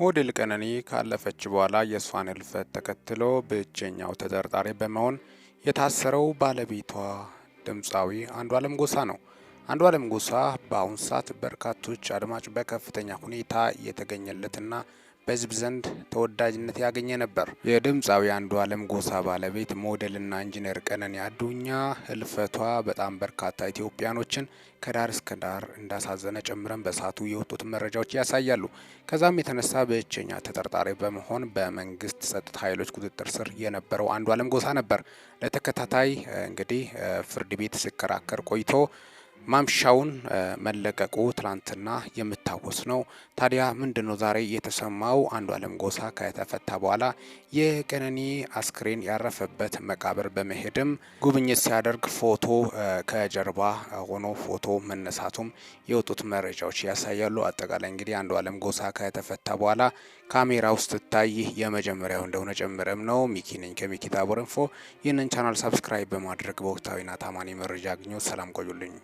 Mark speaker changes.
Speaker 1: ሞዴል ቀነኒ ካለፈች በኋላ የእሷን እልፈት ተከትሎ ብቸኛው ተጠርጣሪ በመሆን የታሰረው ባለቤቷ ድምፃዊ አንዷለም ጎሳ ነው። አንዷለም ጎሳ በአሁን ሰዓት በርካቶች አድማጭ በከፍተኛ ሁኔታ የተገኘለትና በህዝብ ዘንድ ተወዳጅነት ያገኘ ነበር። የድምፃዊ አንዱ አለም ጎሳ ባለቤት ሞዴልና ኢንጂነር ቀነኒ አዱኛ ህልፈቷ በጣም በርካታ ኢትዮጵያኖችን ከዳር እስከ ዳር እንዳሳዘነ ጨምረን በሳቱ የወጡት መረጃዎች ያሳያሉ። ከዛም የተነሳ ብቸኛ ተጠርጣሪ በመሆን በመንግስት ጸጥታ ኃይሎች ቁጥጥር ስር የነበረው አንዱ አለም ጎሳ ነበር። ለተከታታይ እንግዲህ ፍርድ ቤት ሲከራከር ቆይቶ ማምሻውን መለቀቁ ትላንትና የምታወስ ነው። ታዲያ ምንድነው ዛሬ የተሰማው? አንዱ አለም ጎሳ ከተፈታ በኋላ የቀነኒ አስክሬን ያረፈበት መቃብር በመሄድም ጉብኝት ሲያደርግ ፎቶ ከጀርባ ሆኖ ፎቶ መነሳቱም የወጡት መረጃዎች ያሳያሉ። አጠቃላይ እንግዲህ አንዱ አለም ጎሳ ከተፈታ በኋላ ካሜራ ውስጥ ታይ የመጀመሪያው እንደሆነ ጨምረም ነው። ሚኪ ነኝ ከሚኪ ኢንፎ። ይህንን ቻናል ሰብስክራይብ በማድረግ በወቅታዊና ታማኒ መረጃ አግኘው። ሰላም ቆዩልኝ።